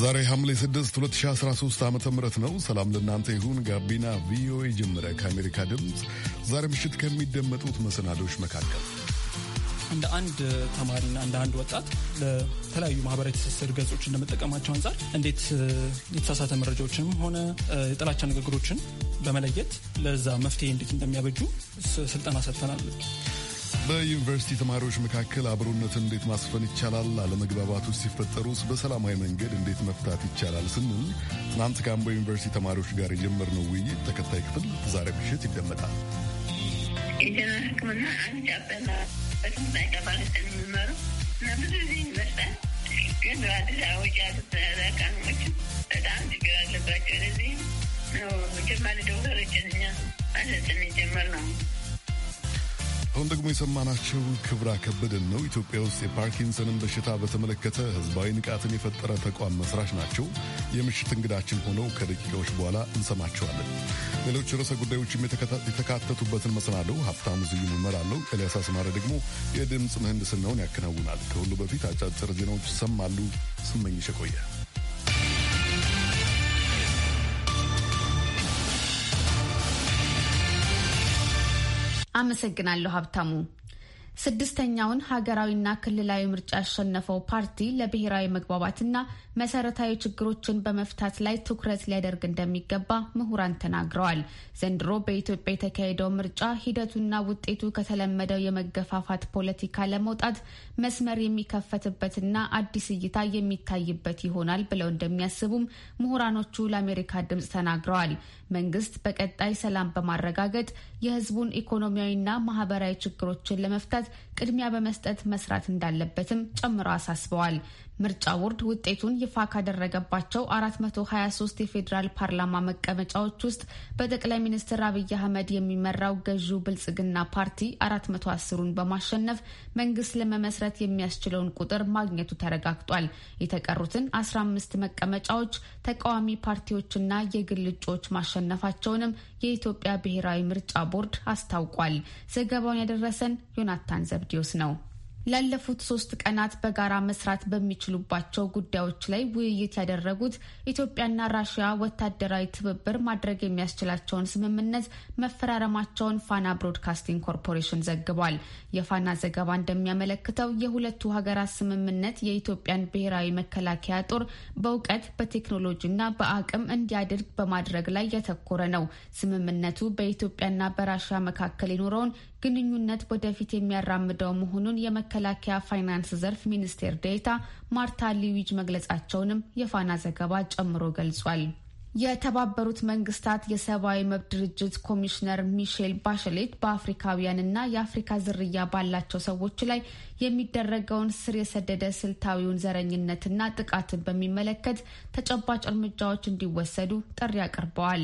ዛሬ ሐምሌ 6 2013 ዓ ም ነው። ሰላም ለእናንተ ይሁን። ጋቢና ቪኦኤ ጀመረ። ከአሜሪካ ድምፅ ዛሬ ምሽት ከሚደመጡት መሰናዶች መካከል እንደ አንድ ተማሪና እንደ አንድ ወጣት ለተለያዩ ማህበራዊ ትስስር ገጾች እንደመጠቀማቸው አንጻር እንዴት የተሳሳተ መረጃዎችንም ሆነ የጥላቻ ንግግሮችን በመለየት ለዛ መፍትሄ እንዴት እንደሚያበጁ ስልጠና ሰጥተናል። በዩኒቨርሲቲ ተማሪዎች መካከል አብሮነትን እንዴት ማስፈን ይቻላል፣ አለመግባባቶች ሲፈጠሩስ በሰላማዊ መንገድ እንዴት መፍታት ይቻላል ስንል ትናንት ከአምቦ ዩኒቨርሲቲ ተማሪዎች ጋር የጀመርነው ውይይት ተከታይ ክፍል ዛሬ ምሽት ይደመጣል። የጀመረ ግን በአዲስ አበባ ያሉት በጣም ችግር አለባቸው። ነው አሁን ደግሞ የሰማናቸው ክብራ ከበደን ነው። ኢትዮጵያ ውስጥ የፓርኪንሰንን በሽታ በተመለከተ ሕዝባዊ ንቃትን የፈጠረ ተቋም መስራች ናቸው። የምሽት እንግዳችን ሆነው ከደቂቃዎች በኋላ እንሰማቸዋለን። ሌሎች ርዕሰ ጉዳዮችም የተካተቱበትን መሰናደው ሀብታሙ ዝዩን ይመራለው። ኤልያስ አስማረ ደግሞ የድምፅ ምህንድስናውን ያከናውናል። ከሁሉ በፊት አጫጭር ዜናዎች ይሰማሉ። ስመኝሽ ቆየ አመሰግናለሁ ሀብታሙ። ስድስተኛውን ሀገራዊና ክልላዊ ምርጫ ያሸነፈው ፓርቲ ለብሔራዊ መግባባትና መሰረታዊ ችግሮችን በመፍታት ላይ ትኩረት ሊያደርግ እንደሚገባ ምሁራን ተናግረዋል። ዘንድሮ በኢትዮጵያ የተካሄደው ምርጫ ሂደቱና ውጤቱ ከተለመደው የመገፋፋት ፖለቲካ ለመውጣት መስመር የሚከፈትበትና አዲስ እይታ የሚታይበት ይሆናል ብለው እንደሚያስቡም ምሁራኖቹ ለአሜሪካ ድምጽ ተናግረዋል። መንግስት በቀጣይ ሰላም በማረጋገጥ የህዝቡን ኢኮኖሚያዊና ማህበራዊ ችግሮችን ለመፍታት ቅድሚያ በመስጠት መስራት እንዳለበትም ጨምሮ አሳስበዋል። ምርጫ ቦርድ ውጤቱን ይፋ ካደረገባቸው 423 የፌዴራል ፓርላማ መቀመጫዎች ውስጥ በጠቅላይ ሚኒስትር አብይ አህመድ የሚመራው ገዢው ብልጽግና ፓርቲ 410ሩን በማሸነፍ መንግስት ለመመስረት የሚያስችለውን ቁጥር ማግኘቱ ተረጋግጧል። የተቀሩትን 15 መቀመጫዎች ተቃዋሚ ፓርቲዎችና የግል እጩዎች ማሸነፋቸውንም የኢትዮጵያ ብሔራዊ ምርጫ ቦርድ አስታውቋል። ዘገባውን ያደረሰን ዮናታን ዘብዲዮስ ነው። ላለፉት ሶስት ቀናት በጋራ መስራት በሚችሉባቸው ጉዳዮች ላይ ውይይት ያደረጉት ኢትዮጵያና ራሽያ ወታደራዊ ትብብር ማድረግ የሚያስችላቸውን ስምምነት መፈራረማቸውን ፋና ብሮድካስቲንግ ኮርፖሬሽን ዘግቧል። የፋና ዘገባ እንደሚያመለክተው የሁለቱ ሀገራት ስምምነት የኢትዮጵያን ብሔራዊ መከላከያ ጦር በእውቀት በቴክኖሎጂና በአቅም እንዲያድርግ በማድረግ ላይ ያተኮረ ነው። ስምምነቱ በኢትዮጵያና በራሽያ መካከል የኖረውን ግንኙነት ወደፊት የሚያራምደው መሆኑን የመከላከያ ፋይናንስ ዘርፍ ሚኒስቴር ዴታ ማርታ ሊዊጅ መግለጻቸውንም የፋና ዘገባ ጨምሮ ገልጿል። የተባበሩት መንግስታት የሰብአዊ መብት ድርጅት ኮሚሽነር ሚሼል ባሸሌት በአፍሪካውያንና የአፍሪካ ዝርያ ባላቸው ሰዎች ላይ የሚደረገውን ስር የሰደደ ስልታዊውን ዘረኝነትና ጥቃትን በሚመለከት ተጨባጭ እርምጃዎች እንዲወሰዱ ጥሪ አቅርበዋል።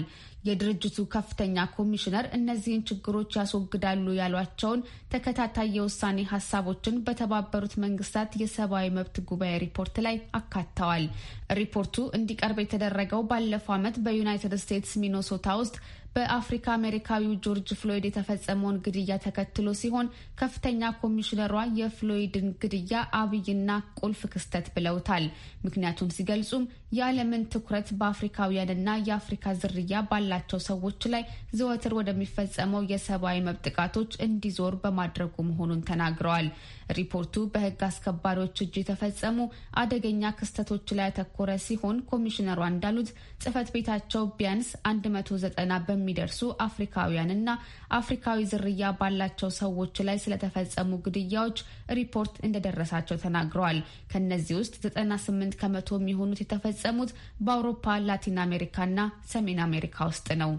የድርጅቱ ከፍተኛ ኮሚሽነር እነዚህን ችግሮች ያስወግዳሉ ያሏቸውን ተከታታይ የውሳኔ ሀሳቦችን በተባበሩት መንግስታት የሰብአዊ መብት ጉባኤ ሪፖርት ላይ አካተዋል። ሪፖርቱ እንዲቀርብ የተደረገው ባለፈው ዓመት በዩናይትድ ስቴትስ ሚኖሶታ ውስጥ በአፍሪካ አሜሪካዊው ጆርጅ ፍሎይድ የተፈጸመውን ግድያ ተከትሎ ሲሆን ከፍተኛ ኮሚሽነሯ የፍሎይድን ግድያ አብይና ቁልፍ ክስተት ብለውታል። ምክንያቱም ሲገልጹም የዓለምን ትኩረት በአፍሪካውያንና የአፍሪካ ዝርያ ባላቸው ሰዎች ላይ ዘወትር ወደሚፈጸመው የሰብአዊ መብት ጥቃቶች እንዲዞር በማድረጉ መሆኑን ተናግረዋል። ሪፖርቱ በሕግ አስከባሪዎች እጅ የተፈጸሙ አደገኛ ክስተቶች ላይ ያተኮረ ሲሆን ኮሚሽነሯ እንዳሉት ጽህፈት ቤታቸው ቢያንስ 190 በሚደርሱ አፍሪካውያንና አፍሪካዊ ዝርያ ባላቸው ሰዎች ላይ ስለተፈጸሙ ግድያዎች ሪፖርት እንደደረሳቸው ተናግረዋል። ከእነዚህ ውስጥ 98 ከመቶ የሚሆኑት የተፈ የሚፈጸሙት በአውሮፓ ላቲን አሜሪካና ሰሜን አሜሪካ ውስጥ ነው።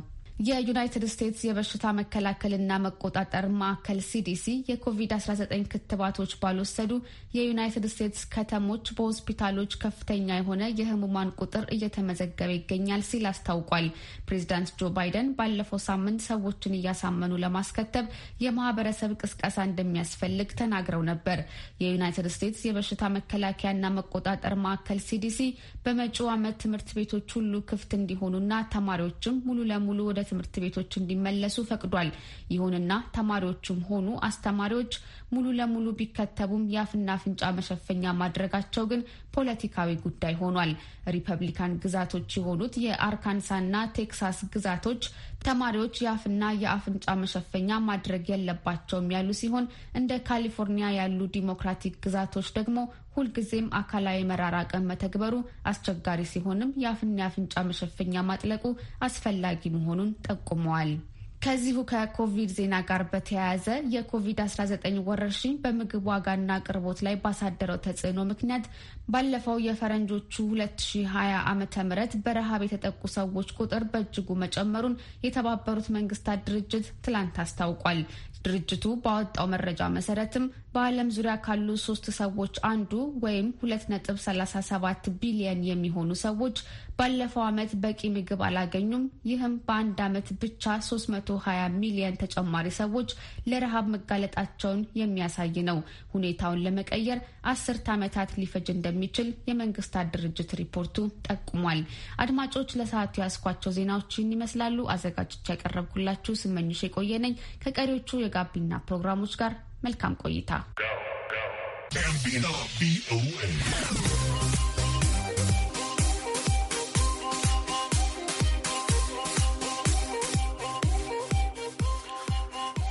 የዩናይትድ ስቴትስ የበሽታ መከላከልና መቆጣጠር ማዕከል ሲዲሲ የኮቪድ-19 ክትባቶች ባልወሰዱ የዩናይትድ ስቴትስ ከተሞች በሆስፒታሎች ከፍተኛ የሆነ የህሙማን ቁጥር እየተመዘገበ ይገኛል ሲል አስታውቋል። ፕሬዚዳንት ጆ ባይደን ባለፈው ሳምንት ሰዎችን እያሳመኑ ለማስከተብ የማህበረሰብ ቅስቀሳ እንደሚያስፈልግ ተናግረው ነበር። የዩናይትድ ስቴትስ የበሽታ መከላከያና መቆጣጠር ማዕከል ሲዲሲ በመጪው ዓመት ትምህርት ቤቶች ሁሉ ክፍት እንዲሆኑና ተማሪዎችም ሙሉ ለሙሉ ወደ ትምህርት ቤቶች እንዲመለሱ ፈቅዷል። ይሁንና ተማሪዎችም ሆኑ አስተማሪዎች ሙሉ ለሙሉ ቢከተቡም የአፍና አፍንጫ መሸፈኛ ማድረጋቸው ግን ፖለቲካዊ ጉዳይ ሆኗል። ሪፐብሊካን ግዛቶች የሆኑት የአርካንሳና ቴክሳስ ግዛቶች ተማሪዎች የአፍና የአፍንጫ መሸፈኛ ማድረግ የለባቸውም ያሉ ሲሆን እንደ ካሊፎርኒያ ያሉ ዲሞክራቲክ ግዛቶች ደግሞ ሁልጊዜም አካላዊ መራራቅን መተግበሩ አስቸጋሪ ሲሆንም የአፍና የአፍንጫ መሸፈኛ ማጥለቁ አስፈላጊ መሆኑን ጠቁመዋል። ከዚሁ ከኮቪድ ዜና ጋር በተያያዘ የኮቪድ-19 ወረርሽኝ በምግብ ዋጋና አቅርቦት ላይ ባሳደረው ተጽዕኖ ምክንያት ባለፈው የፈረንጆቹ 2020 ዓ ም በረሃብ የተጠቁ ሰዎች ቁጥር በእጅጉ መጨመሩን የተባበሩት መንግስታት ድርጅት ትላንት አስታውቋል። ድርጅቱ ባወጣው መረጃ መሰረትም በዓለም ዙሪያ ካሉ ሶስት ሰዎች አንዱ ወይም 2.37 ቢሊየን የሚሆኑ ሰዎች ባለፈው ዓመት በቂ ምግብ አላገኙም። ይህም በአንድ ዓመት ብቻ 320 ሚሊየን ተጨማሪ ሰዎች ለረሃብ መጋለጣቸውን የሚያሳይ ነው። ሁኔታውን ለመቀየር አስርት ዓመታት ሊፈጅ እንደሚ እንደሚችል የመንግስታት ድርጅት ሪፖርቱ ጠቁሟል። አድማጮች ለሰዓቱ ያስኳቸው ዜናዎች ይህን ይመስላሉ። አዘጋጆች ያቀረብኩላችሁ ስመኝሽ የቆየ ነኝ። ከቀሪዎቹ የጋቢና ፕሮግራሞች ጋር መልካም ቆይታ።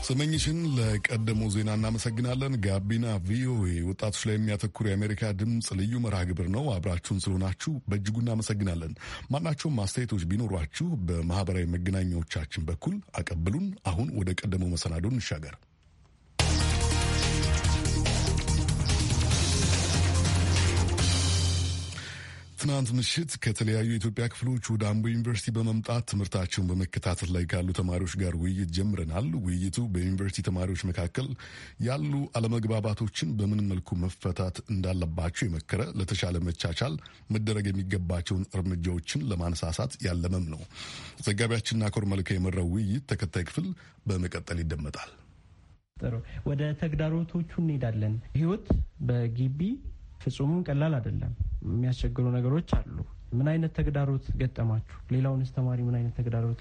ስመኝሽን ለቀደመው ዜና እናመሰግናለን። ጋቢና ቪኦኤ ወጣቶች ላይ የሚያተኩር የአሜሪካ ድምፅ ልዩ መርሃ ግብር ነው። አብራችሁን ስለሆናችሁ በእጅጉ እናመሰግናለን። ማናቸውም አስተያየቶች ቢኖሯችሁ በማህበራዊ መገናኛዎቻችን በኩል አቀብሉን። አሁን ወደ ቀደመው መሰናዶ እንሻገር። ትናንት ምሽት ከተለያዩ የኢትዮጵያ ክፍሎች ወደ አምቦ ዩኒቨርሲቲ በመምጣት ትምህርታቸውን በመከታተል ላይ ካሉ ተማሪዎች ጋር ውይይት ጀምረናል። ውይይቱ በዩኒቨርሲቲ ተማሪዎች መካከል ያሉ አለመግባባቶችን በምን መልኩ መፈታት እንዳለባቸው የመከረ ለተሻለ መቻቻል መደረግ የሚገባቸውን እርምጃዎችን ለማነሳሳት ያለመም ነው። ዘጋቢያችን ናኮር መልካ የመራው ውይይት ተከታይ ክፍል በመቀጠል ይደመጣል። ጥሩ፣ ወደ ተግዳሮቶቹ እንሄዳለን። ህይወት በጊቢ ፍጹምም ቀላል አይደለም። የሚያስቸግሩ ነገሮች አሉ። ምን አይነት ተግዳሮት ገጠማችሁ? ሌላውንስ ተማሪ ምን አይነት ተግዳሮት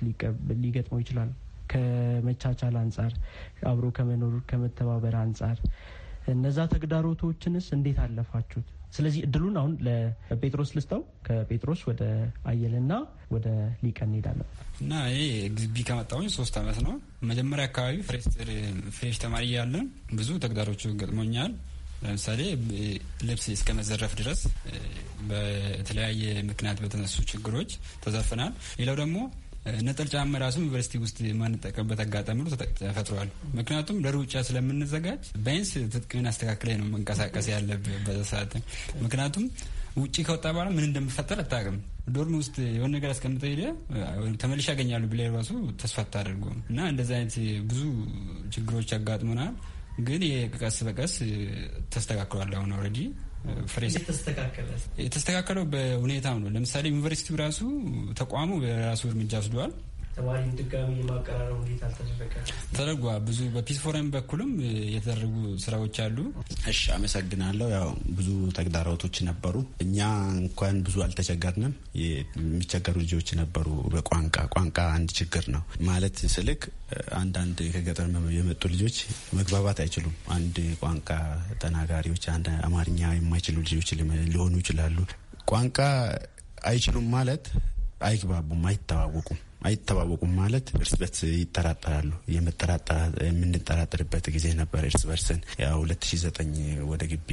ሊገጥመው ይችላል? ከመቻቻል አንጻር፣ አብሮ ከመኖር ከመተባበር አንጻር እነዛ ተግዳሮቶችንስ እንዴት አለፋችሁት? ስለዚህ እድሉን አሁን ለጴጥሮስ ልስጠው። ከጴጥሮስ ወደ አየልና ወደ ሊቀ እንሄዳለን እና ይሄ ግቢ ከመጣሁኝ ሶስት አመት ነው። መጀመሪያ አካባቢ ፍሬሽ ተማሪ ያለን ብዙ ተግዳሮቹ ገጥሞኛል። ለምሳሌ ልብስ እስከ መዘረፍ ድረስ በተለያየ ምክንያት በተነሱ ችግሮች ተዘፍናል። ሌላው ደግሞ ነጠል ጫማ ራሱ ዩኒቨርሲቲ ውስጥ የማንጠቀምበት አጋጣሚ ተፈጥሯል። ምክንያቱም ለሩጫ ስለምንዘጋጅ ቢያንስ ትጥቅምን አስተካክላይ ነው መንቀሳቀስ ያለብ በዛ ሰዓት። ምክንያቱም ውጭ ከወጣ በኋላ ምን እንደምፈጠር አታውቅም። ዶርም ውስጥ የሆነ ነገር አስቀምጠ ሄደ ተመልሼ ያገኛሉ ብላ ራሱ ተስፋ አታደርጉም እና እንደዚህ አይነት ብዙ ችግሮች ያጋጥሙናል። ግን ቀስ በቀስ ተስተካክሏል። አሁን ኦልሬዲ uh, የተስተካከለው በሁኔታም ነው። ለምሳሌ ዩኒቨርሲቲው ራሱ ተቋሙ በራሱ እርምጃ ወስደዋል። ተማሪ ድጋሚ የማቀራረብ ሁኔታ አልተደረገ ተደርጓ ብዙ በፒስ ፎረም በኩልም የተደረጉ ስራዎች አሉ። እሺ፣ አመሰግናለሁ። ያው ብዙ ተግዳሮቶች ነበሩ። እኛ እንኳን ብዙ አልተቸገርንም። የሚቸገሩ ልጆች ነበሩ። በቋንቋ ቋንቋ አንድ ችግር ነው ማለት ስልክ አንዳንድ ከገጠር የመጡ ልጆች መግባባት አይችሉም። አንድ ቋንቋ ተናጋሪዎች አንድ አማርኛ የማይችሉ ልጆች ሊሆኑ ይችላሉ። ቋንቋ አይችሉም ማለት አይግባቡም፣ አይተዋወቁም አይተዋወቁም ማለት እርስ በርስ ይጠራጠራሉ። የምንጠራጠርበት ጊዜ ነበር እርስ በርስን። ሁለት ሺ ዘጠኝ ወደ ግቢ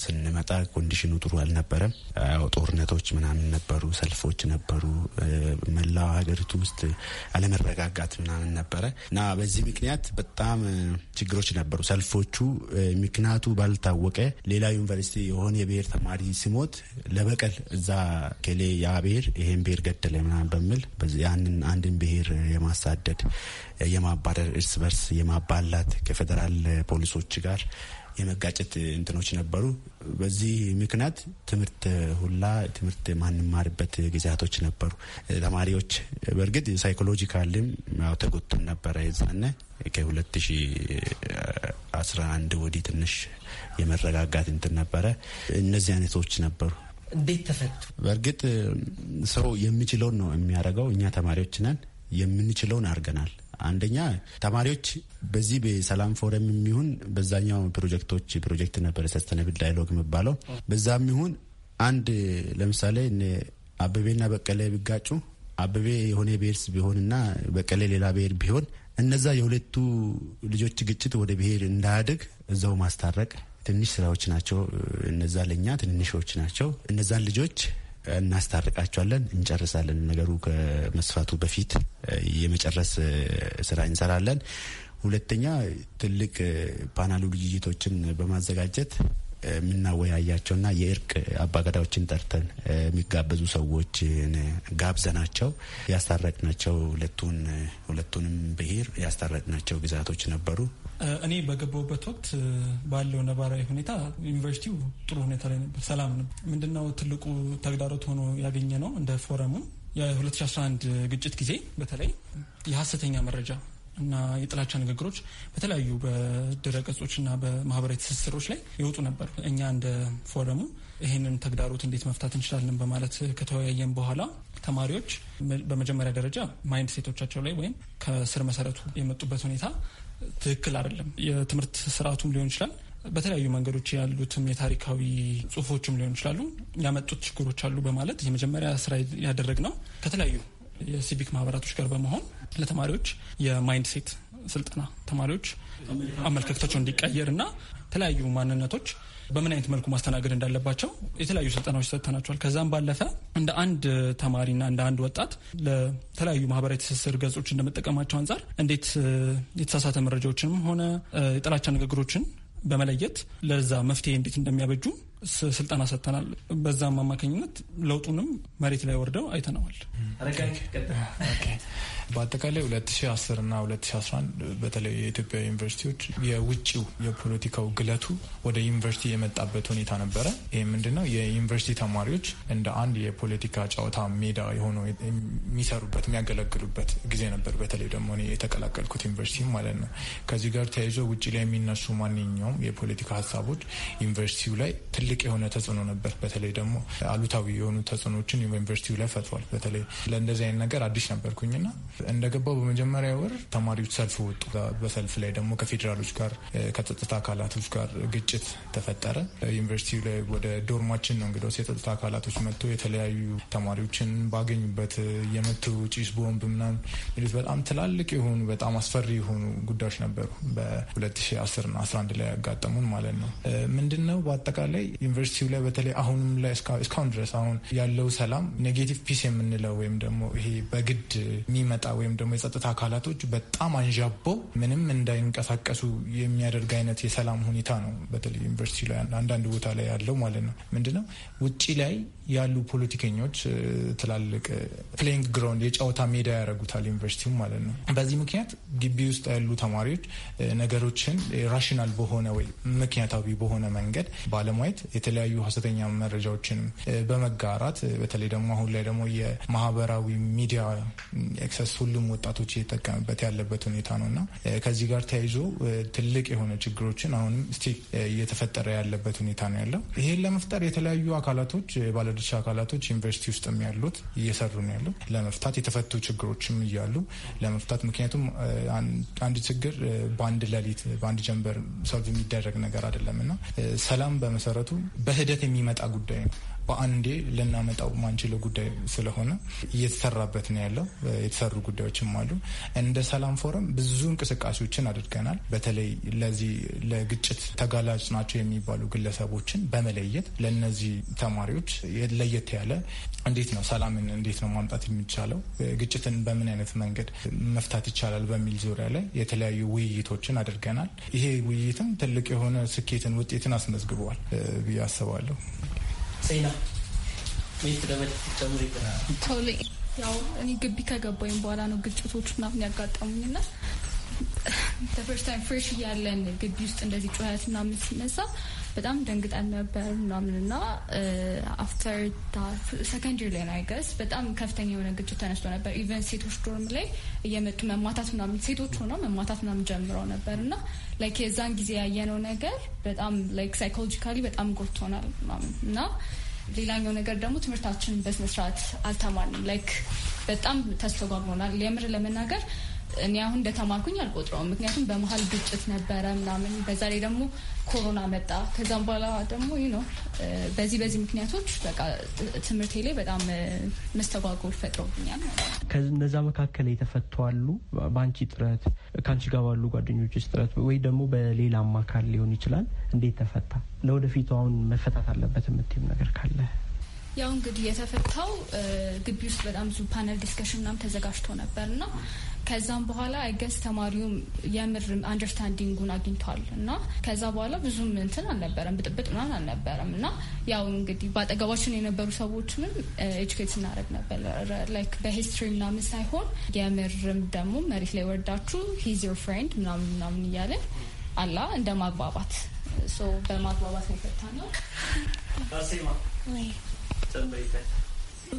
ስንመጣ ኮንዲሽኑ ጥሩ አልነበረም። ያው ጦርነቶች ምናምን ነበሩ፣ ሰልፎች ነበሩ፣ መላው ሀገሪቱ ውስጥ አለመረጋጋት ምናምን ነበረ እና በዚህ ምክንያት በጣም ችግሮች ነበሩ። ሰልፎቹ ምክንያቱ ባልታወቀ ሌላ ዩኒቨርሲቲ የሆነ የብሔር ተማሪ ሲሞት ለበቀል እዛ ኬሌ ያ ብሔር ይሄን ብሔር ገደለ ምናምን በሚል ያንን አንድን ብሄር የማሳደድ የማባረር፣ እርስ በርስ የማባላት ከፌዴራል ፖሊሶች ጋር የመጋጨት እንትኖች ነበሩ። በዚህ ምክንያት ትምህርት ሁላ ትምህርት ማንማርበት ጊዜያቶች ነበሩ። ተማሪዎች በእርግጥ ሳይኮሎጂካልም ያው ተጎድተን ነበረ። የዛነ ከ2011 ወዲህ ትንሽ የመረጋጋት እንትን ነበረ። እነዚህ አይነቶች ነበሩ። እንዴት ተፈቱ? በእርግጥ ሰው የሚችለውን ነው የሚያደርገው። እኛ ተማሪዎች ነን፣ የምንችለውን አድርገናል። አንደኛ ተማሪዎች በዚህ በሰላም ፎረም የሚሆን በዛኛው ፕሮጀክቶች ፕሮጀክት ነበር ሰስተነብል ዳይሎግ የሚባለው በዛ የሚሆን አንድ ለምሳሌ አበቤና በቀለ ቢጋጩ አበቤ የሆነ ብሄርስ ቢሆንና በቀለ ሌላ ብሄር ቢሆን እነዛ የሁለቱ ልጆች ግጭት ወደ ብሄር እንዳያድግ እዛው ማስታረቅ ትንሽ ስራዎች ናቸው። እነዛ ለእኛ ትንንሾች ናቸው። እነዛን ልጆች እናስታርቃቸዋለን፣ እንጨርሳለን። ነገሩ ከመስፋቱ በፊት የመጨረስ ስራ እንሰራለን። ሁለተኛ ትልቅ ፓናሉ ውይይቶችን በማዘጋጀት የምናወያያቸውና የእርቅ አባገዳዎችን ጠርተን የሚጋበዙ ሰዎችን ጋብዘናቸው ያስታረቅናቸው ሁለቱን ሁለቱንም ብሄር ያስታረቅናቸው ግዛቶች ነበሩ። እኔ በገባሁበት ወቅት ባለው ነባራዊ ሁኔታ ዩኒቨርሲቲው ጥሩ ሁኔታ ላይ ነበር፣ ሰላም ነበር። ምንድነው ትልቁ ተግዳሮት ሆኖ ያገኘ ነው እንደ ፎረሙ የ2011 ግጭት ጊዜ በተለይ የሀሰተኛ መረጃ እና የጥላቻ ንግግሮች በተለያዩ በድረ ገጾችና በማህበራዊ ትስስሮች ላይ ይወጡ ነበር። እኛ እንደ ፎረሙ ይህንን ተግዳሮት እንዴት መፍታት እንችላለን በማለት ከተወያየን በኋላ ተማሪዎች በመጀመሪያ ደረጃ ማይንድ ሴቶቻቸው ላይ ወይም ከስር መሰረቱ የመጡበት ሁኔታ ትክክል አይደለም። የትምህርት ስርዓቱም ሊሆን ይችላል በተለያዩ መንገዶች ያሉትም የታሪካዊ ጽሁፎችም ሊሆን ይችላሉ ያመጡት ችግሮች አሉ በማለት የመጀመሪያ ስራ ያደረግ ነው ከተለያዩ የሲቪክ ማህበራቶች ጋር በመሆን ለተማሪዎች የማይንድ ሴት ስልጠና ተማሪዎች አመለካከታቸው እንዲቀየር እና የተለያዩ ማንነቶች በምን አይነት መልኩ ማስተናገድ እንዳለባቸው የተለያዩ ስልጠናዎች ሰጥተናቸዋል። ከዛም ባለፈ እንደ አንድ ተማሪና እንደ አንድ ወጣት ለተለያዩ ማህበራዊ ትስስር ገጾች እንደመጠቀማቸው አንጻር እንዴት የተሳሳተ መረጃዎችንም ሆነ የጥላቻ ንግግሮችን በመለየት ለዛ መፍትሄ እንዴት እንደሚያበጁ ስልጠና ሰጥተናል። በዛም አማካኝነት ለውጡንም መሬት ላይ ወርደው አይተነዋል። በአጠቃላይ 2010 እና 2011 በተለይ የኢትዮጵያ ዩኒቨርሲቲዎች የውጭው የፖለቲካው ግለቱ ወደ ዩኒቨርሲቲ የመጣበት ሁኔታ ነበረ። ይህ ምንድነው የዩኒቨርሲቲ ተማሪዎች እንደ አንድ የፖለቲካ ጨዋታ ሜዳ የሆነ የሚሰሩበት የሚያገለግሉበት ጊዜ ነበር። በተለይ ደግሞ እኔ የተቀላቀልኩት ዩኒቨርሲቲ ማለት ነው። ከዚህ ጋር ተያይዞ ውጭ ላይ የሚነሱ ማንኛውም የፖለቲካ ሀሳቦች ዩኒቨርሲቲው ላይ ትልቅ ትልቅ የሆነ ተጽዕኖ ነበር። በተለይ ደግሞ አሉታዊ የሆኑ ተጽዕኖችን ዩኒቨርሲቲው ላይ ፈጥሯል። በተለይ ለእንደዚህ አይነት ነገር አዲስ ነበርኩኝና እንደገባው በመጀመሪያ ወር ተማሪዎች ሰልፍ ወጡ። በሰልፍ ላይ ደግሞ ከፌዴራሎች ጋር ከጸጥታ አካላቶች ጋር ግጭት ተፈጠረ። ዩኒቨርሲቲው ላይ ወደ ዶርማችን ነው እንግዲህ የጸጥታ አካላቶች መጥቶ የተለያዩ ተማሪዎችን ባገኙበት የመቱ ጭስ ቦምብ ምናምን በጣም ትላልቅ የሆኑ በጣም አስፈሪ የሆኑ ጉዳዮች ነበሩ በ2010 እና 11 ላይ ያጋጠሙን ማለት ነው። ምንድን ነው በአጠቃላይ ዩኒቨርሲቲው ላይ በተለይ አሁንም ላይ እስካሁን ድረስ አሁን ያለው ሰላም ኔጌቲቭ ፒስ የምንለው ወይም ደግሞ ይሄ በግድ የሚመጣ ወይም ደግሞ የጸጥታ አካላቶች በጣም አንዣበው ምንም እንዳይንቀሳቀሱ የሚያደርግ አይነት የሰላም ሁኔታ ነው። በተለይ ዩኒቨርሲቲ ላይ አንዳንድ ቦታ ላይ ያለው ማለት ነው። ምንድነው ውጭ ላይ ያሉ ፖለቲከኞች ትላልቅ ፕሌይንግ ግራውንድ የጨዋታ ሜዳ ያደረጉታል ዩኒቨርሲቲው ማለት ነው። በዚህ ምክንያት ግቢ ውስጥ ያሉ ተማሪዎች ነገሮችን ራሽናል በሆነ ወይ ምክንያታዊ በሆነ መንገድ ባለማየት የተለያዩ ሀሰተኛ መረጃዎችንም በመጋራት በተለይ ደግሞ አሁን ላይ ደግሞ የማህበራዊ ሚዲያ ኤክሰስ ሁሉም ወጣቶች እየተጠቀምበት ያለበት ሁኔታ ነው እና ከዚህ ጋር ተያይዞ ትልቅ የሆነ ችግሮችን አሁንም ስቲል እየተፈጠረ ያለበት ሁኔታ ነው ያለው። ይህን ለመፍጠር የተለያዩ አካላቶች ባለድርሻ አካላቶች ዩኒቨርሲቲ ውስጥም ያሉት እየሰሩ ነው ያለው ለመፍታት የተፈቱ ችግሮችም እያሉ ለመፍታት ምክንያቱም አንድ ችግር በአንድ ሌሊት በአንድ ጀንበር ሰልፍ የሚደረግ ነገር አይደለም እና ሰላም በመሰረቱ በሂደት የሚመጣ ጉዳይ ነው። በአንዴ ልናመጣው ማንችለው ጉዳይ ስለሆነ እየተሰራበት ነው ያለው። የተሰሩ ጉዳዮችም አሉ። እንደ ሰላም ፎረም ብዙ እንቅስቃሴዎችን አድርገናል። በተለይ ለዚህ ለግጭት ተጋላጭ ናቸው የሚባሉ ግለሰቦችን በመለየት ለነዚህ ተማሪዎች ለየት ያለ እንዴት ነው ሰላምን እንዴት ነው ማምጣት የሚቻለው፣ ግጭትን በምን አይነት መንገድ መፍታት ይቻላል በሚል ዙሪያ ላይ የተለያዩ ውይይቶችን አድርገናል። ይሄ ውይይትም ትልቅ የሆነ ስኬትን ውጤትን አስመዝግበዋል ብዬ አስባለሁ። ዜና ሜት ለመጨምር ቶሎ ያው እኔ ግቢ ከገባኝ በኋላ ነው ግጭቶች ምናምን ያጋጠሙኝና ተፈርስት ታይም ፍሬሽ እያለን ግቢ ውስጥ እንደዚህ ጩኸት ምናምን ሲነሳ በጣም ደንግጠን ነበር ምናምን እና አፍተር ሰከንድ ላይ አይገስ በጣም ከፍተኛ የሆነ ግጭት ተነስቶ ነበር። ኢቨን ሴቶች ዶርም ላይ እየመጡ መማታት ምናምን ሴቶች ሆነው መማታት ምናምን ጀምረው ነበር እና ላይክ የዛን ጊዜ ያየነው ነገር በጣም ላይክ ሳይኮሎጂካሊ በጣም ጎድቶናል ምናምን እና ሌላኛው ነገር ደግሞ ትምህርታችን በስነስርዓት አልተማንም። ላይክ በጣም ተስተጓጉሎናል የምር ለመናገር እኔ አሁን እንደተማርኩኝ አልቆጥረውም። ምክንያቱም በመሀል ግጭት ነበረ ምናምን፣ በዛ ላይ ደግሞ ኮሮና መጣ። ከዛም በኋላ ደግሞ ነው በዚህ በዚህ ምክንያቶች በቃ ትምህርቴ ላይ በጣም መስተጓጎል ፈጥሮብኛል። ከነዛ መካከል የተፈቷሉ በአንቺ ጥረት፣ ከአንቺ ጋር ባሉ ጓደኞች ጥረት ወይ ደግሞ በሌላ አማካል ሊሆን ይችላል። እንዴት ተፈታ? ለወደፊቱ አሁን መፈታት አለበት የምትይም ነገር ካለ ያው እንግዲህ የተፈታው ግቢ ውስጥ በጣም ብዙ ፓነል ዲስከሽን ምናምን ተዘጋጅቶ ነበር እና ከዛም በኋላ አይገስ ተማሪውም የምር አንደርስታንዲንጉን አግኝቷል እና ከዛ በኋላ ብዙም እንትን አልነበረም፣ ብጥብጥ ምናምን አልነበረም። እና ያው እንግዲህ በአጠገባችን የነበሩ ሰዎችንም ኤጁኬት ስናደርግ ነበር ላይክ በሂስትሪ ምናምን ሳይሆን የምርም ደግሞ መሬት ላይ ወርዳችሁ ሂዝ ዮር ፍሬንድ ምናምን ምናምን እያለን አላ እንደ ማግባባት በማግባባት ነው የፈታ ነው። ጨምሪበት።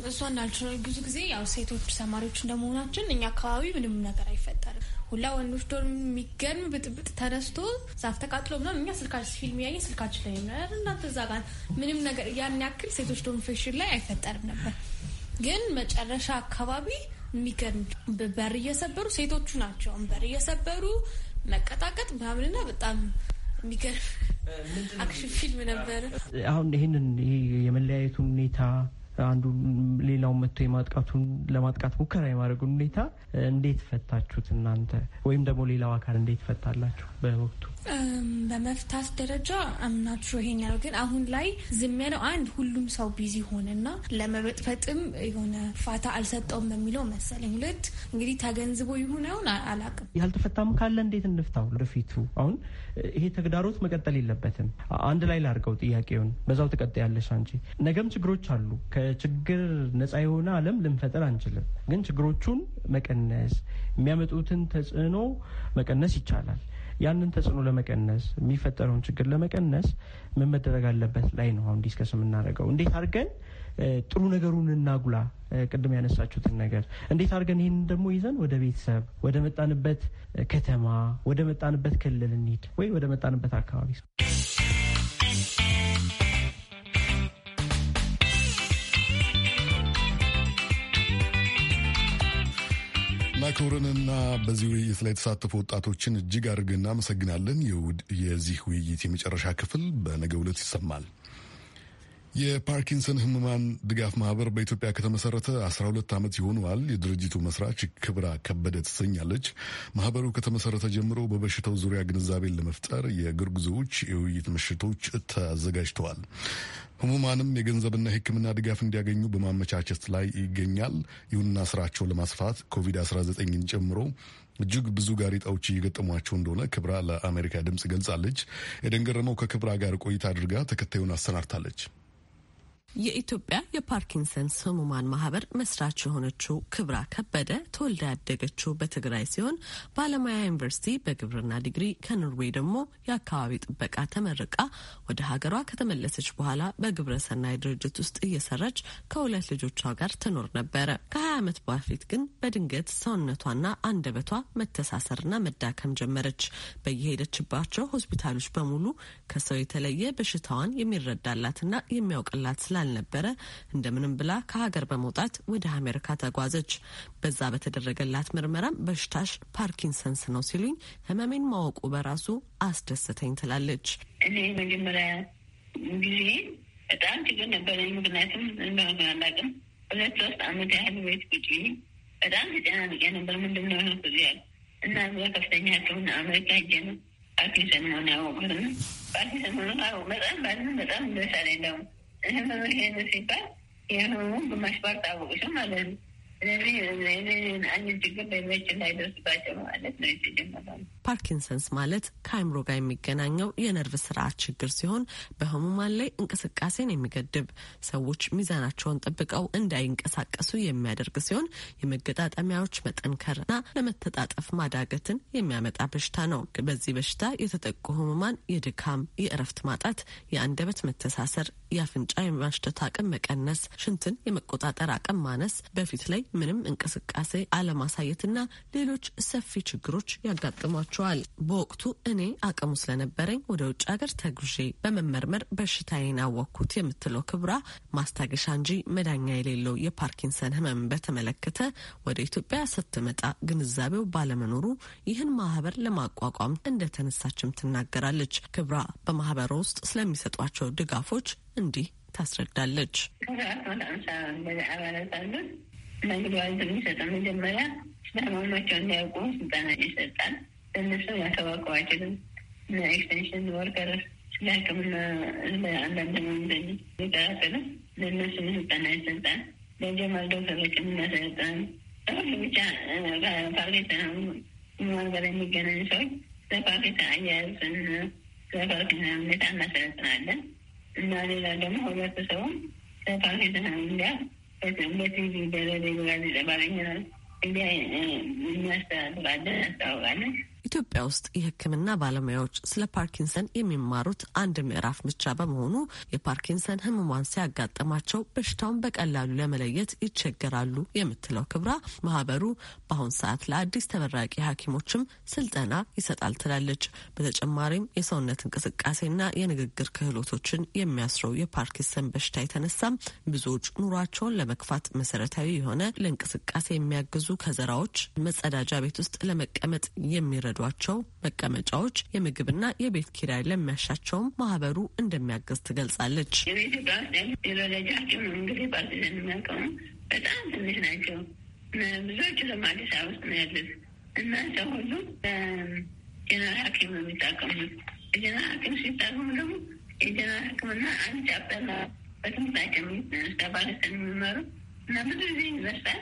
እሷ እንዳልችለ ብዙ ጊዜ ያው ሴቶች ተማሪዎች እንደመሆናችን እኛ አካባቢ ምንም ነገር አይፈጠርም። ሁላ ወንዶች ዶር የሚገርም ብጥብጥ ተነስቶ ዛፍ ተቃጥሎ ምናምን እኛ ስልካችን ፊልም ያየ ስልካችን ላይ ምናምን እናንተ እዛ ጋር ምንም ነገር ያን ያክል ሴቶች ዶር ፌሽን ላይ አይፈጠርም ነበር። ግን መጨረሻ አካባቢ የሚገርም በር እየሰበሩ ሴቶቹ ናቸውን በር እየሰበሩ መቀጣቀጥ ምናምንና በጣም የሚገርም አክሽን ፊልም ነበር። አሁን ይህንን የመለያየቱ ሁኔታ አንዱ ሌላውን መጥቶ የማጥቃቱን ለማጥቃት ሙከራ የማድረጉን ሁኔታ እንዴት ፈታችሁት እናንተ ወይም ደግሞ ሌላው አካል እንዴት ፈታላችሁ በወቅቱ? በመፍታት ደረጃ አምናችሁ ይሄን ያለው ግን አሁን ላይ ዝም ያለው አንድ ሁሉም ሰው ቢዚ ሆነና ለመበጥፈጥም የሆነ ፋታ አልሰጠውም በሚለው መሰለኝ። ሁለት እንግዲህ ተገንዝቦ ይሁን አሁን አላቅም ያልተፈታም ካለ እንዴት እንፍታው ለፊቱ አሁን ይሄ ተግዳሮት መቀጠል የለበትም። አንድ ላይ ላርገው ጥያቄውን በዛው ትቀጥ አንቺ ነገም ችግሮች አሉ ከችግር ነፃ የሆነ ዓለም ልንፈጥር አንችልም። ግን ችግሮቹን መቀነስ የሚያመጡትን ተጽዕኖ መቀነስ ይቻላል። ያንን ተጽዕኖ ለመቀነስ የሚፈጠረውን ችግር ለመቀነስ ምን መደረግ አለበት ላይ ነው አሁን ዲስከስ የምናደርገው። እንዴት አድርገን ጥሩ ነገሩን እናጉላ፣ ቅድም ያነሳችሁትን ነገር እንዴት አድርገን ይህን ደግሞ ይዘን ወደ ቤተሰብ፣ ወደ መጣንበት ከተማ፣ ወደ መጣንበት ክልል እንሂድ ወይ ወደ መጣንበት አካባቢ ማክሎርንና በዚህ ውይይት ላይ የተሳተፉ ወጣቶችን እጅግ አድርገን እናመሰግናለን። የዚህ ውይይት የመጨረሻ ክፍል በነገ ዕለት ይሰማል። የፓርኪንሰን ህሙማን ድጋፍ ማህበር በኢትዮጵያ ከተመሰረተ 12 ዓመት ይሆነዋል። የድርጅቱ መስራች ክብራ ከበደ ትሰኛለች። ማህበሩ ከተመሰረተ ጀምሮ በበሽታው ዙሪያ ግንዛቤን ለመፍጠር የእግር ጉዞዎች፣ የውይይት ምሽቶች ተዘጋጅተዋል። ህሙማንም የገንዘብና የሕክምና ድጋፍ እንዲያገኙ በማመቻቸት ላይ ይገኛል። ይሁንና ስራቸው ለማስፋት ኮቪድ-19ን ጨምሮ እጅግ ብዙ ጋሬጣዎች እየገጠሟቸው እንደሆነ ክብራ ለአሜሪካ ድምፅ ገልጻለች። የደንገረመው ከክብራ ጋር ቆይታ አድርጋ ተከታዩን አሰናድታለች። የኢትዮጵያ የፓርኪንሰንስ ህሙማን ማህበር መስራች የሆነችው ክብራ ከበደ ተወልዳ ያደገችው በትግራይ ሲሆን በአለማያ ዩኒቨርሲቲ በግብርና ዲግሪ ከኖርዌይ ደግሞ የአካባቢ ጥበቃ ተመርቃ ወደ ሀገሯ ከተመለሰች በኋላ በግብረ ሰናይ ድርጅት ውስጥ እየሰራች ከሁለት ልጆቿ ጋር ትኖር ነበረ። ከሀያ ዓመት በፊት ግን በድንገት ሰውነቷና አንደበቷ መተሳሰርና መዳከም ጀመረች። በየሄደችባቸው ሆስፒታሎች በሙሉ ከሰው የተለየ በሽታዋን የሚረዳላትና የሚያውቅላት ስላለ ስላልነበረ እንደምንም ብላ ከሀገር በመውጣት ወደ አሜሪካ ተጓዘች። በዛ በተደረገላት ምርመራም በሽታሽ ፓርኪንሰንስ ነው ሲሉኝ ህመሜን ማወቁ በራሱ አስደሰተኝ ትላለች። እኔ መጀመሪያ ጊዜ በጣም ችግር ነበረኝ። ምክንያቱም እንደሆነ አላውቅም። ሁለት ሶስት አመት ያህል ቤት ቁጭ በጣም ተጨናንቄ ነበር። ምንድን ነው ሆነ ያል እና ዛ ከፍተኛ ሕክምና አሜሪካ ሄጄ ነው ፓርኪንሰን መሆን ያወቅሁት ነው ፓርኪንሰን መሆኑ በጣም ባንም በጣም ደሳላ እንደውም ህመም ይሄን ሲባል የህመሙ ግማሽ ባር ታወቅሽ ማለት ነው። ፓርኪንሰንስ ማለት ከአይምሮ ጋር የሚገናኘው የነርቭ ስርዓት ችግር ሲሆን በህሙማን ላይ እንቅስቃሴን የሚገድብ ሰዎች ሚዛናቸውን ጠብቀው እንዳይንቀሳቀሱ የሚያደርግ ሲሆን የመገጣጠሚያዎች መጠንከርና ለመተጣጠፍ ማዳገትን የሚያመጣ በሽታ ነው። በዚህ በሽታ የተጠቁ ህሙማን የድካም፣ የእረፍት ማጣት፣ የአንደበት መተሳሰር፣ የአፍንጫ የማሽተት አቅም መቀነስ፣ ሽንትን የመቆጣጠር አቅም ማነስ፣ በፊት ላይ ምንም እንቅስቃሴ አለማሳየትና ሌሎች ሰፊ ችግሮች ያጋጥሟቸዋል። በወቅቱ እኔ አቅሙ ስለነበረኝ ወደ ውጭ ሀገር ተጉዤ በመመርመር በሽታዬን አወቅኩት የምትለው ክብራ ማስታገሻ እንጂ መዳኛ የሌለው የፓርኪንሰን ህመም በተመለከተ ወደ ኢትዮጵያ ስትመጣ ግንዛቤው ባለመኖሩ ይህን ማህበር ለማቋቋም እንደተነሳችም ትናገራለች። ክብራ በማህበሩ ውስጥ ስለሚሰጧቸው ድጋፎች እንዲህ ታስረዳለች። ተግባዝ የሚሰጠን መጀመሪያ ስለማማቸው እንዳያውቁ ስልጠና ይሰጣል። ለእነሱ ያተዋቀዋችልም ኤክስቴንሽን ወርከር ስለ ሕክምና ለአንዳንድ መምደኝ የተካከልም ለእነሱ ስልጠና ይሰጣል። ለጀማል ዶክተሮች የምናሰለጠን ሁሉ ብቻ ፋብሪታ ማንገር የሚገናኝ ሰዎች ለፋብሪታ አያያዝን ለፋብሪታ ሁኔታ እናሰለጥናለን እና ሌላ ደግሞ ህብረተሰቡም ለፋብሪታ እንዲያ በቲቪ ደረጃ ጋዜጠ ባለኛ እንዲህ የሚያስተላልፍ አለን ኢትዮጵያ ውስጥ የሕክምና ባለሙያዎች ስለ ፓርኪንሰን የሚማሩት አንድ ምዕራፍ ብቻ በመሆኑ የፓርኪንሰን ህሙማን ሲያጋጥማቸው በሽታውን በቀላሉ ለመለየት ይቸገራሉ የምትለው ክብራ ማህበሩ በአሁን ሰዓት ለአዲስ ተመራቂ ሐኪሞችም ስልጠና ይሰጣል ትላለች። በተጨማሪም የሰውነት እንቅስቃሴና የንግግር ክህሎቶችን የሚያስረው የፓርኪንሰን በሽታ የተነሳም ብዙዎች ኑሯቸውን ለመግፋት መሰረታዊ የሆነ ለእንቅስቃሴ የሚያግዙ ከዘራዎች መጸዳጃ ቤት ውስጥ ለመቀመጥ የሚረ ለሚረዷቸው መቀመጫዎች፣ የምግብና የቤት ኪራይ ለሚያሻቸውም ማህበሩ እንደሚያገዝ ትገልጻለች። የወለጃችን እንግዲህ የሚያውቀው በጣም ትንሽ ናቸው። ብዙዎቹ ደግሞ አዲስ አበባ ውስጥ ነው ያሉት እና ሰው ሁሉ ጀነራል ሐኪም ነው የሚጠቀሙት ጀነራል ሐኪም ሲታቀሙ ደግሞ የጀነራል ሕክምና አንድ ቻፕተር የሚመሩ እና ብዙ ጊዜ ይመስላል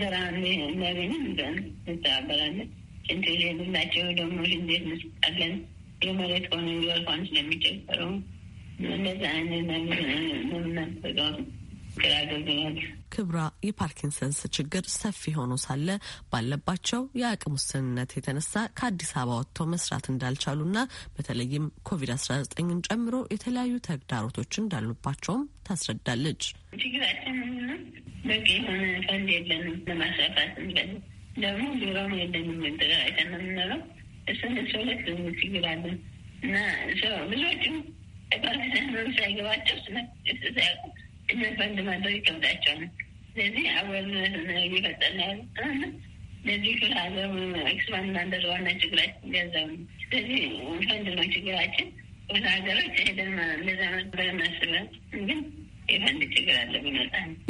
ስራ እንዳገኝም እንተባበራለን። ሽንት የሌላቸው ደግሞ ሽንት የመሬት ሊወርፋን አይነት ነገር ነው ክብራ የፓርኪንሰንስ ችግር ሰፊ ሆኖ ሳለ ባለባቸው የአቅም ውስንነት የተነሳ ከአዲስ አበባ ወጥተው መስራት እንዳልቻሉና በተለይም ኮቪድ-19ን ጨምሮ የተለያዩ ተግዳሮቶች እንዳሉባቸውም ታስረዳለች። በቂ የሆነ ፈንድ የለንም ለማስፋፋት ደግሞ ቢሮም የለንም ተደራጅተን ነው የምንለው እሱን እሱ ሁለት ብዙ ችግር አለን እና ብዙዎችም ፓርኪንሰንስ ሳይገባቸው ሳያውቁ ፈንድ ማድረግ ይከብዳቸው ነው። ስለዚህ አብረን ለዚህ ኤክስፓንድ ማድረግ ዋና ችግራችን ገንዘብ ነው። ስለዚህ ፈንድ ነው ችግራችን። ወደ ሀገሮች ሄደን እንደዛ ግን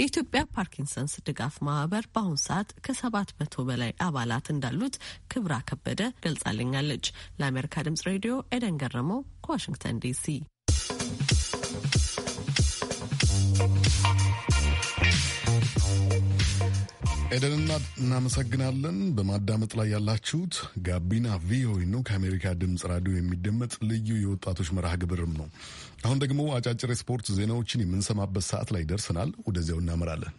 የኢትዮጵያ ፓርኪንሰንስ ድጋፍ ማህበር በአሁኑ ሰዓት ከሰባት መቶ በላይ አባላት እንዳሉት ክብራ ከበደ ገልጻልኛለች። ለአሜሪካ ድምጽ ሬዲዮ ኤደን ገረመው ከዋሽንግተን ዲሲ ኤደንና እናመሰግናለን። በማዳመጥ ላይ ያላችሁት ጋቢና ቪኦኤ ነው። ከአሜሪካ ድምፅ ራዲዮ የሚደመጥ ልዩ የወጣቶች መርሃ ግብርም ነው። አሁን ደግሞ አጫጭር የስፖርት ዜናዎችን የምንሰማበት ሰዓት ላይ ደርሰናል። ወደዚያው እናመራለን።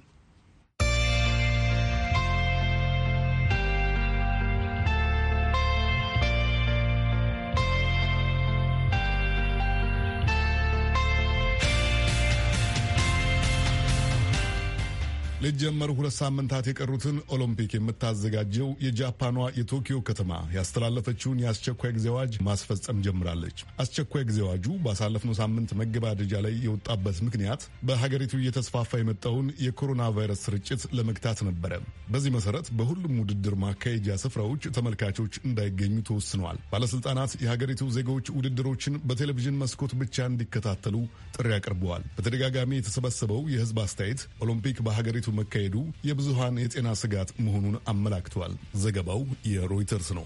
ሊጀመር ሁለት ሳምንታት የቀሩትን ኦሎምፒክ የምታዘጋጀው የጃፓኗ የቶኪዮ ከተማ ያስተላለፈችውን የአስቸኳይ ጊዜ አዋጅ ማስፈጸም ጀምራለች። አስቸኳይ ጊዜ አዋጁ ባሳለፍነው ሳምንት መገባደጃ ላይ የወጣበት ምክንያት በሀገሪቱ እየተስፋፋ የመጣውን የኮሮና ቫይረስ ስርጭት ለመግታት ነበረ። በዚህ መሰረት በሁሉም ውድድር ማካሄጃ ስፍራዎች ተመልካቾች እንዳይገኙ ተወስነዋል። ባለስልጣናት የሀገሪቱ ዜጎች ውድድሮችን በቴሌቪዥን መስኮት ብቻ እንዲከታተሉ ጥሪ አቅርበዋል። በተደጋጋሚ የተሰበሰበው የህዝብ አስተያየት ኦሎምፒክ በሀገሪቱ መካሄዱ የብዙሃን የጤና ስጋት መሆኑን አመላክተዋል። ዘገባው የሮይተርስ ነው።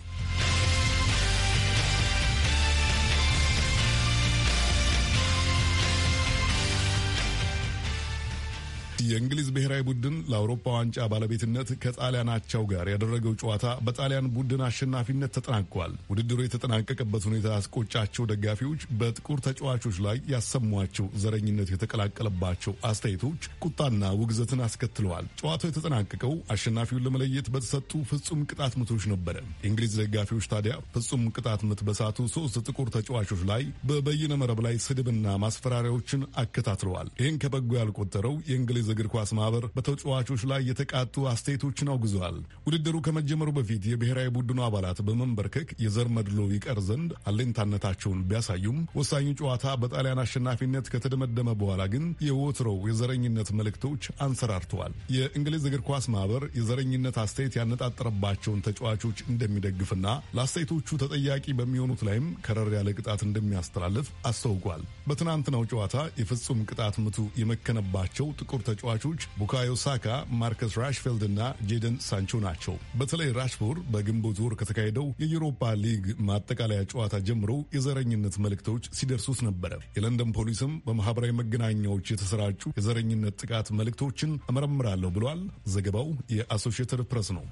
የእንግሊዝ ብሔራዊ ቡድን ለአውሮፓ ዋንጫ ባለቤትነት ከጣሊያን አቻው ጋር ያደረገው ጨዋታ በጣሊያን ቡድን አሸናፊነት ተጠናቋል። ውድድሩ የተጠናቀቀበት ሁኔታ ያስቆጫቸው ደጋፊዎች በጥቁር ተጫዋቾች ላይ ያሰሟቸው ዘረኝነት የተቀላቀለባቸው አስተያየቶች ቁጣና ውግዘትን አስከትለዋል። ጨዋታው የተጠናቀቀው አሸናፊውን ለመለየት በተሰጡ ፍጹም ቅጣት ምቶች ነበረ። የእንግሊዝ ደጋፊዎች ታዲያ ፍጹም ቅጣት ምት በሳቱ ሶስት ጥቁር ተጫዋቾች ላይ በበይነ መረብ ላይ ስድብና ማስፈራሪያዎችን አከታትለዋል። ይህን ከበጎ ያልቆጠረው የእንግሊዝ እግር ኳስ ማህበር በተጫዋቾች ላይ የተቃጡ አስተያየቶችን አውግዘዋል። ውድድሩ ከመጀመሩ በፊት የብሔራዊ ቡድኑ አባላት በመንበርከክ የዘር መድሎ ይቀር ዘንድ አለኝታነታቸውን ቢያሳዩም ወሳኙ ጨዋታ በጣሊያን አሸናፊነት ከተደመደመ በኋላ ግን የወትሮው የዘረኝነት መልእክቶች አንሰራርተዋል። የእንግሊዝ እግር ኳስ ማህበር የዘረኝነት አስተያየት ያነጣጠረባቸውን ተጫዋቾች እንደሚደግፍና ለአስተያየቶቹ ተጠያቂ በሚሆኑት ላይም ከረር ያለ ቅጣት እንደሚያስተላልፍ አስታውቋል። በትናንትናው ጨዋታ የፍጹም ቅጣት ምቱ የመከነባቸው ጥቁር ተጫዋ ተጫዋቾች ቡካዮ ሳካ፣ ማርከስ ራሽፊልድ እና ጄደን ሳንቾ ናቸው። በተለይ ራሽፎርድ በግንቦት ወር ከተካሄደው የዩሮፓ ሊግ ማጠቃለያ ጨዋታ ጀምሮ የዘረኝነት መልእክቶች ሲደርሱት ነበረ። የለንደን ፖሊስም በማህበራዊ መገናኛዎች የተሰራጩ የዘረኝነት ጥቃት መልእክቶችን እመረምራለሁ ብሏል። ዘገባው የአሶሺየትድ ፕሬስ ነው።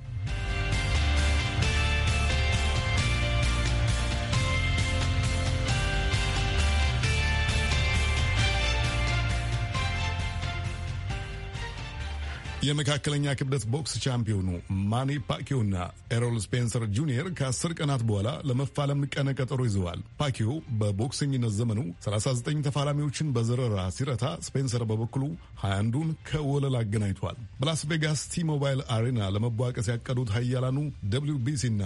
የመካከለኛ ክብደት ቦክስ ቻምፒዮኑ ማኒ ፓኪዮና ኤሮል ስፔንሰር ጁኒየር ከአስር ቀናት በኋላ ለመፋለም ቀነ ቀጠሮ ይዘዋል። ፓኪዮ በቦክሰኝነት ዘመኑ 39 ተፋላሚዎችን በዘረራ ሲረታ፣ ስፔንሰር በበኩሉ 21ዱን ከወለል አገናኝቷል። በላስ ቬጋስ ቲ ሞባይል አሬና ለመቧቀስ ያቀዱት ሀያላኑ ደብሊው ቢሲ እና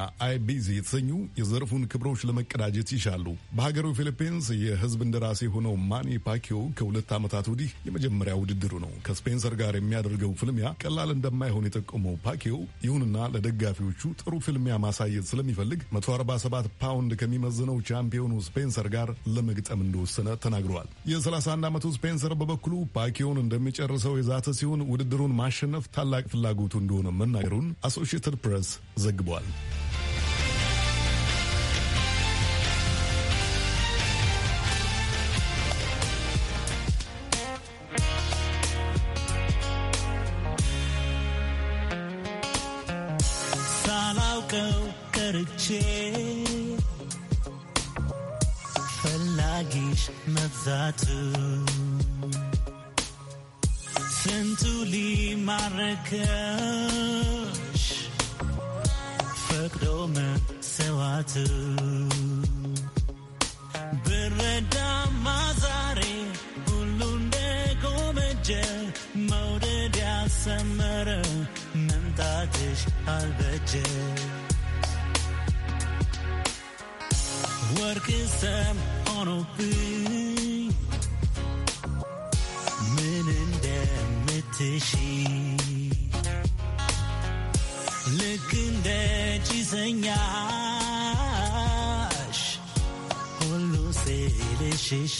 የተሰኙ የዘርፉን ክብሮች ለመቀዳጀት ይሻሉ። በሀገሩ ፊሊፒንስ የህዝብ እንደራሴ የሆነው ማኒ ፓኪዮ ከሁለት ዓመታት ወዲህ የመጀመሪያ ውድድሩ ነው። ከስፔንሰር ጋር የሚያደርገው ፍልሚያ ቀላል እንደማይሆን የጠቆመው ፓኬው ይሁንና ለደጋፊዎቹ ጥሩ ፍልሚያ ማሳየት ስለሚፈልግ 147 ፓውንድ ከሚመዝነው ቻምፒዮኑ ስፔንሰር ጋር ለመግጠም እንደወሰነ ተናግረዋል። የ31 ዓመቱ ስፔንሰር በበኩሉ ፓኬውን እንደሚጨርሰው የዛተ ሲሆን ውድድሩን ማሸነፍ ታላቅ ፍላጎቱ እንደሆነ መናገሩን አሶሺየትድ ፕሬስ ዘግቧል። በመምጣቱ ስንቱ ሊማረከሽ ፈቅዶ መሰዋቱ ብረዳማ ዛሬ ሁሉ እንደጎመጀ መውደድ ያሰመረ መምጣትሽ አልበጀ ወርቅ ሰም ሆኖብኝ ትሺ ልክ እንደ ጭሰኛሽ ሁሉ ስልሽሺ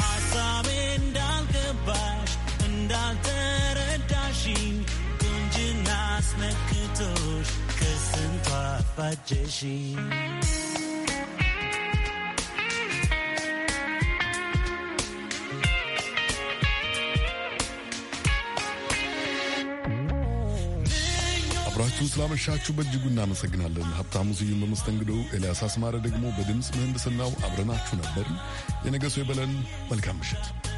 ሐሳቤ እንዳልገባሽ እንዳልተረዳሽኝ ቁንጅና አስመክቶሽ ከስንቷ አፋጀሽ አብራችሁ ስላመሻችሁ በእጅጉ እናመሰግናለን። ሀብታሙ ስዩም በመስተንግዶው፣ ኤልያስ አስማረ ደግሞ በድምፅ ምህንድስናው አብረናችሁ ነበር። የነገ የበለን መልካም ምሽት።